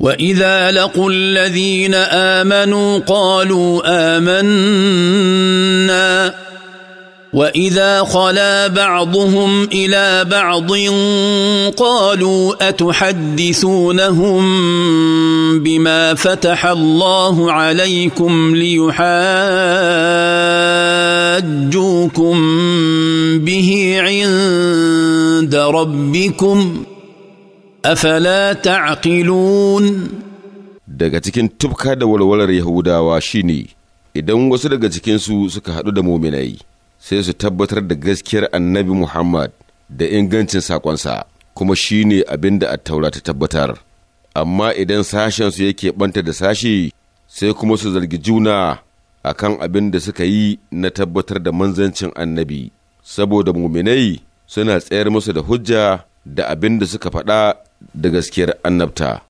واذا لقوا الذين امنوا قالوا امنا واذا خلا بعضهم الى بعض قالوا اتحدثونهم بما فتح الله عليكم ليحاجوكم به عند ربكم أفلا تعقلون daga cikin tufka da walwalar Yahudawa shine idan wasu daga cikinsu suka haɗu da muminai sai su tabbatar da gaskiyar annabi Muhammad da ingancin saƙonsa kuma shine abin da attaura ta tabbatar amma idan sashen su yake ɓanta da sashi sai kuma su zargi juna akan abin da suka yi na tabbatar da manzancin annabi saboda muminai suna tsayar musu da hujja da abin da suka faɗa da gaskiyar annabta